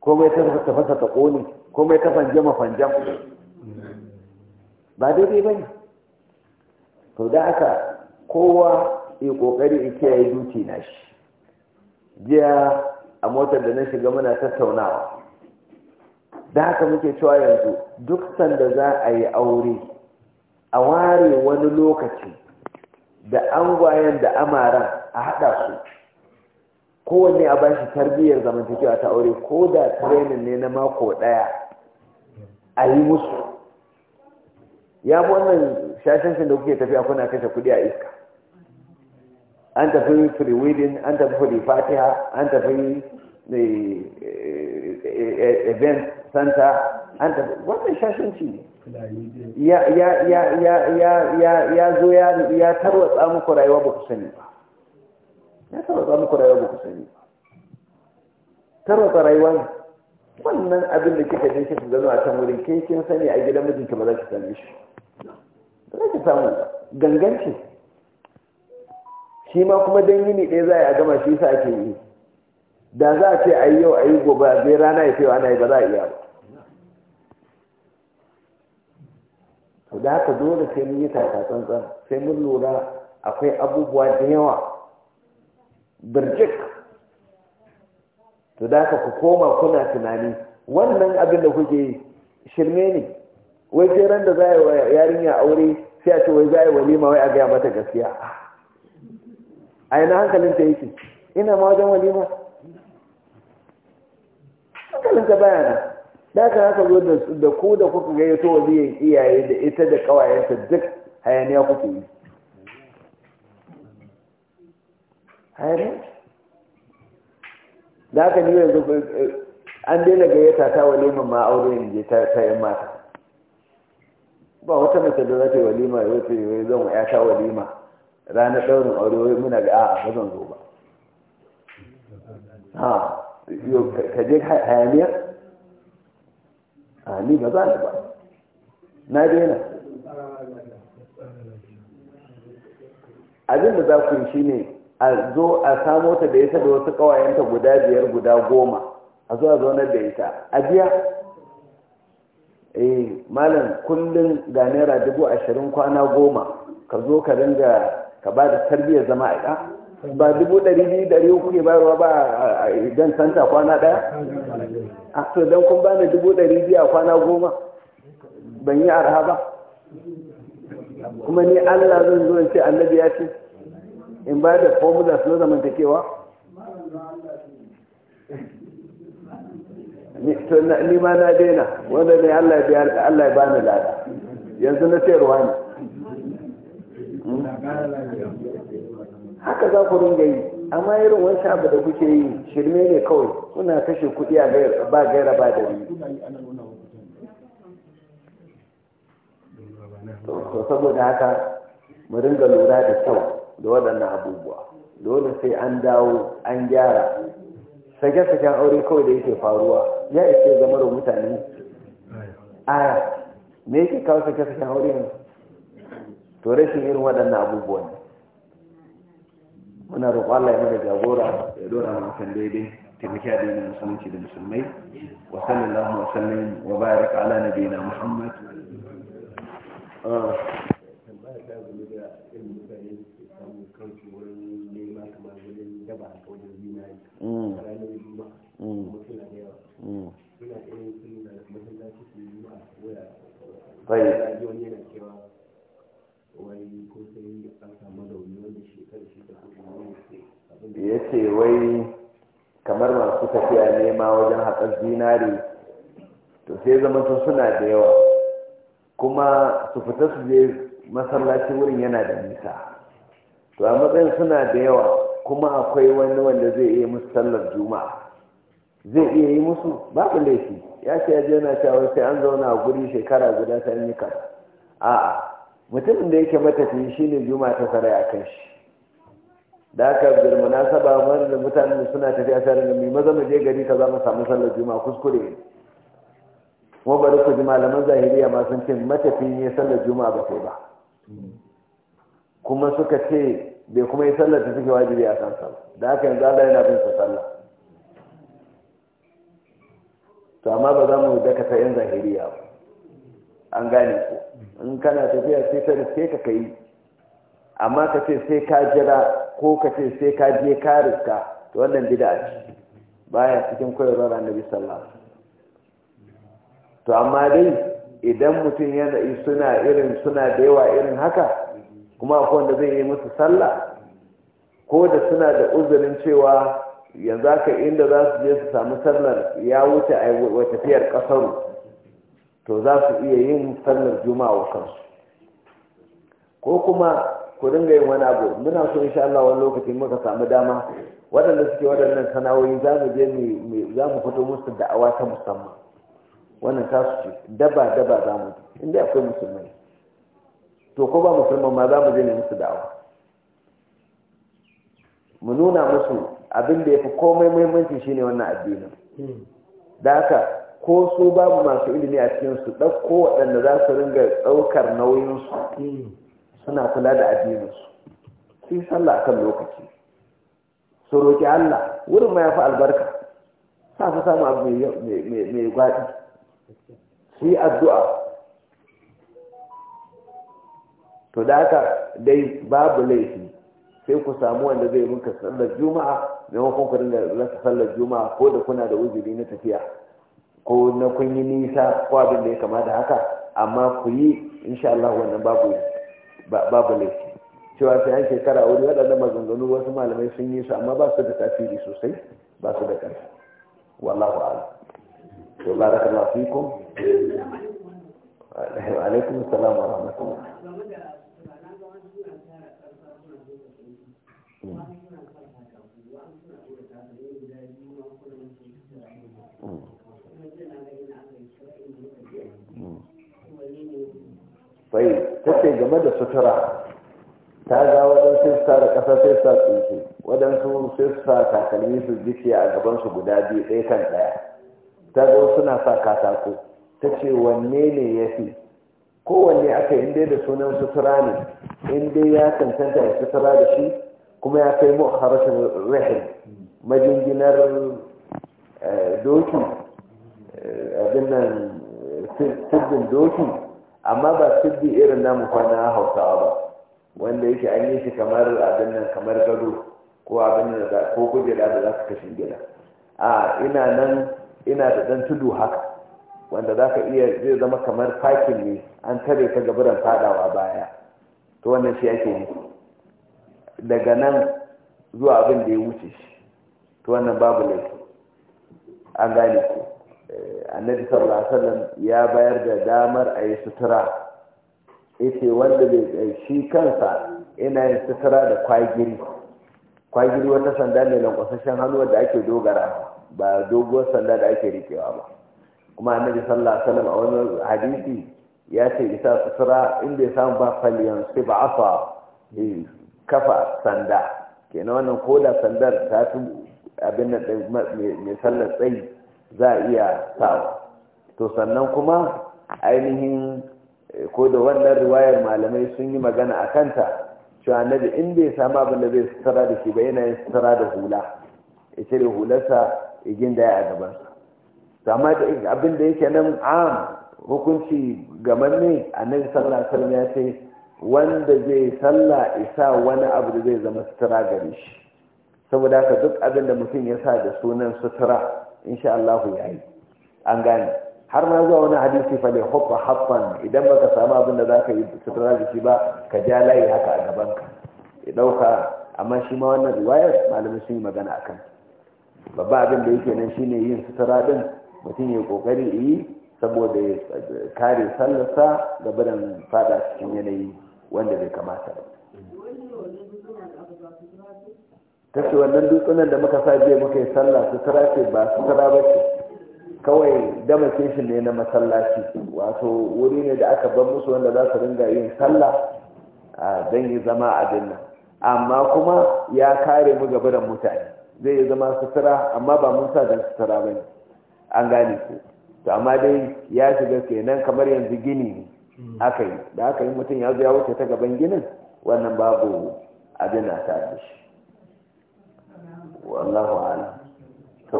komai ta tafasa ta ƙone komai ta fanje mafanjan ba daidai ba ne to da aka kowa ya ƙoƙari ya kiyaye duki na shi jiya a motar da na shiga muna tattaunawa da haka muke cewa yanzu duk sanda za a yi aure a ware wani lokaci da angwayen da amaran a haɗa su kowanne a bashi tarbiyyar zamantakewa ta aure ko da training ne na mako ɗaya a yi musu ya fi wannan shi da kuke tafiya kuna kashe kuɗi a iska an tafi pre-wedding an tafi pre-fatiha an tafi eh, eh, eh, event center an tafi wannan shashanci ne ya ya ya zo ya tarwatsa muku rayuwa ba ku sani ba ya tarwatsa muku rayuwa ba ku sani ba tarwatsa rayuwa wannan abin da kika je kika gano a can wurin kai kin sani a gidan mijinki ba za ki same shi ba za ki samu ganganci shi ma kuma dan yini ɗaya za a gama shi sa ake yi da za a ce a yi yau a yi gobe a rana ya ce ana yi ba za a iya ba to da haka dole sai mun yi tata tsantsan sai mun lura akwai abubuwa da yawa birjik to da haka ku koma kuna tunani wannan abin da kuke shirme ne wai ran da za a yi wa yarinya aure sai a ce wai za a yi walima wai a gaya mata gaskiya a ina hankalin ta yake ina ma wajen walima hankalin ta bayana da haka haka zo da ku da kuka gayyato wazirin iyaye da ita da kawayenta duk hayaniya kuke yi hayaniya da haka ni yanzu eh, an daina gayyata ta walima ma aure in je ta yan mata ba wata mace da za ta yi walima ya wuce ya zan ya ta walima ranar ɗaurin aure wai muna ga a'a ba zan zo ba ha ka je hayaniya ni ba za ba na daina abin da za ku yi shine a zo a samo ta da ita da wasu kawayenta guda biyar guda goma a zo a zaunar da ita a biya eh malam kullum ga naira dubu ashirin kwana goma ka zo ka ringa ka ba da tarbiyyar zama a ba dubu ɗari biyu ɗari uku ke bayarwa ba a idan santa kwana ɗaya? a to don kun bani dubu ɗari biyu a kwana goma ban yi arha ba kuma ni allah zan zo in ce annabi ya ce in ba da formula su zamantakewa ni ma na daina wanda ne allah ya bani lada yanzu na sayarwa ne hmm? haka za ku ringa yi amma irin wani abu da kuke yi shirme ne kawai kuna kashe kuɗi a ba gaira ba da to saboda haka mu ringa lura da kyau da waɗannan abubuwa dole sai an dawo an gyara sake-saken aure kawai da yake faruwa ya ishe zama da mutane a me yake kawo sake-saken aure ne to rashin irin waɗannan abubuwa ne muna roƙon Allah ya mana jagora ya dora mu kan daidai taimaki addinin musulunci da musulmai wa sallallahu wa sallam wa barik ala nabiyina muhammad طيب ce wai kamar masu tafiya nema wajen haƙar zinari to sai zama suna da yawa kuma su fita su je masallaci wurin yana da nisa to a matsayin suna da yawa kuma akwai wani wanda zai iya musu sallar juma'a zai iya yi musu babu laifi ya ce yaje yana cewa sai an zauna a guri shekara guda an yi a'a mutumin da yake matafiyi shine juma'a ta sarai a kan shi da aka bil munasaba wanda mutanen da suna tafiya tare da mai maza mu je gari kaza mu samu sallar juma'a kuskure kuma bari ku ji malaman zahiriya ma sun ce matafi ne sallar juma'a ba sai ba kuma suka ce bai kuma yi sallar da suke wajibi a kansa da aka yanzu Allah yana bin su sallah to amma ba za mu dakata yan zahiriya ba an gane ku in kana tafiya sai ta riske ka kai amma ka ce sai ka jira ko ka ce sai ka je ka riska to wannan bid'a ce baya cikin koyarwar annabi sallallahu to amma dai idan mutum yana suna irin suna da yawa irin haka kuma akwai wanda zai yi musu sallah ko da suna da uzurin cewa yanzu haka inda za su je su samu sallar ya wuce a wa tafiyar kasaru to za su iya yin sallar juma'a kansu ko kuma ku dinga yin wani abu muna so insha Allah wani lokaci muka samu dama waɗanda suke waɗannan sana'o'i za mu je mu za mu fito musu da'awa ta musamman wannan su ce daba daba za mu je. inda akwai musulmai to ko ba musulman ma za mu je ne musu da'awa mu nuna musu abin da ya fi komai muhimmanci shine wannan addinin da haka ko su babu masu ilimi a cikin su ɗauko waɗanda za su ringa ɗaukar nauyinsu suna kula da addininsu su yi sallah kan lokaci su roƙi Allah wurin ma ya fi albarka sa su samu abu mai gwaɗi su yi addu'a to da haka dai babu laifi sai ku samu wanda zai muka sallar juma'a maimakon ku rinka rasa sallar juma'a ko da kuna da uzuri na tafiya ko na kun yi nisa ko abin da ya kama da haka amma ku yi insha Allah wannan babu babu laifi cewa sai an shekara wuri waɗanda maganganu wasu malamai sun yi su amma ba su da tasiri sosai ba su da ƙarfi wallahu a'lam to barakallahu fikum alaikum salam wa rahmatullahi طيب take game da sutura ta ga waɗansu su tara ƙasa sai su sa tsinke waɗansu sai su sa takalmi su jike a gabansu guda biyu ɗaya kan ɗaya ta ga suna sa katako ta ce wanne ne ya fi kowanne aka yi dai da sunan sutura ne in dai ya cancanta ya sutura da shi kuma ya kai mu harshen rahim majinginar eh, doki eh, abin nan eh, doki amma ba bi irin namu kwana hausawa ba wanda yake an yi shi kamar abin nan kamar gado ko abin da za ko kujera da za su kashe gida a ina nan ina da dan tudu haka wanda za ka iya zai zama kamar fakin ne an tare ka gaburan fadawa baya to wannan shi yake yi daga nan zuwa abin da ya wuce shi to wannan babu laifi an gane ku annabi sallallahu alaihi wasallam ya bayar da damar a yi sutura yace wanda bai eh, shi kansa ina yin sutura da kwagiri kwagiri wata sanda ne lankwasashen hannu da ake dogara ba doguwar sanda da ake rikewa ba kuma annabi sallallahu alaihi wasallam a wani hadisi ya ce isa sutura inda ya samu ba faliyan sai ba afa kafa sanda kenan wannan koda sandar ta fi abin da mai sallar tsayi za a iya sawa to sannan kuma ainihin eh, ko da wannan riwayar malamai sun yi magana a kanta cewa annabi in bai samu abin da zai sutura da shi ba yana yin sutura da hula ya cire hularsa igin da ya a gabansa amma da abin da yake nan am hukunci gaban ne a nan sallah sallam ya ce wanda zai salla isa wani abu da zai zama sutura gare shi saboda haka duk abin da mutum ya sa da sunan sutura insha Allah ya an gane har ma zuwa wani hadisi fa lai hoppa haffan idan baka samu abin da zaka yi sutura da shi ba ka ja layi haka a gaban ka ya dauka amma shi ma wannan riwayar malamin sun yi magana akan babba abin da yake nan shine yin sutura din mutum ya kokari yi saboda ya kare sallarsa ga barin fada cikin yanayi wanda bai kamata ba ta wannan dutsunan da muka sa jiya muka yi sallah tara ce ba sutura ba ce kawai dama keshin ne na masallaci wato wuri ne da aka bar musu wanda za su ringa yin sallah don yi zama a dinnan amma kuma ya kare mu gaba da mutane zai yi zama sutura amma ba mun sa don sutura ba ne an gane ku to amma dai ya shiga kenan kamar yanzu gini ne aka yi da aka yi mutum ya zo ya wuce ta gaban ginin wannan babu abin na ta shi wallahu ala to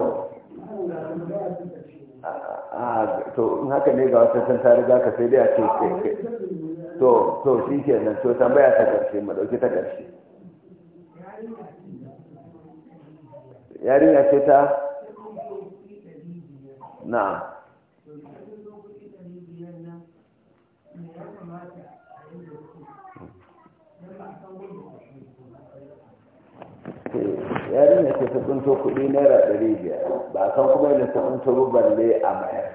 to in haka ne ga wata san tare riga ka sai dai a ce to to shi ke nan to tambaya ta karshe mu dauki ta karshe yarinya ce ta na'am yarinya ce ta to kuɗi naira ɗari biyar ba san kuma yana ta to rubar ne a mayar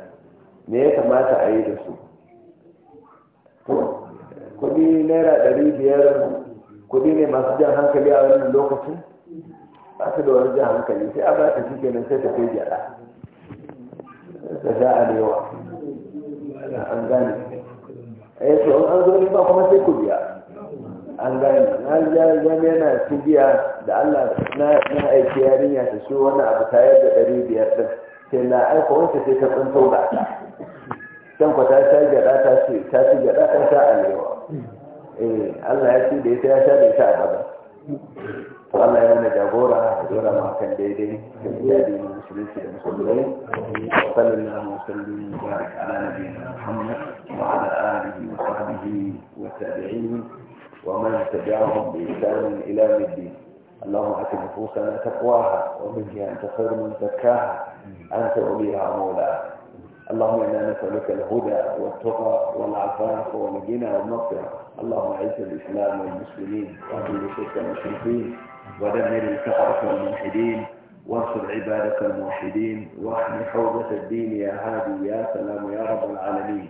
me ya kamata a yi da su kuɗi naira ɗari biyar kuɗi ne masu jan hankali a wannan lokacin ba su da wani jan hankali sai a ba ta shi kenan sai ta kai gyaɗa ta sha alewa an gane eh to an zo ne ba kuma sai ku biya an gani na zama yana cibiya da allah na aiki yarinya ta shi wani abu tayar da ɗari biyar ɗin sai na aiko wancan sai ta tsinto da ta can ta sha gyaɗa ta ce ta gyaɗa ta sha alewa eh allah ya ce da ita ya sha da ita a gaba allah ya mana jagora a dora kan daidai da iyali na musulunci da musulmai sallallahu alaihi wa sallam ala nabiyina muhammad wa ala wa sahbihi wa tabi'in ومن تبعهم بإحسان إلى الدين اللهم آت نفوسنا تقواها ومنها أنت خير من زكاها أنت وليها مولاها اللهم إنا نسألك الهدى والتقى والعفاف والغنى والمغفرة اللهم أعز الإسلام والمسلمين وأهل شرك المشركين ودمر الكفرة والملحدين وانصر عبادك الموحدين واحمي حوزة الدين يا هادي يا سلام يا رب العالمين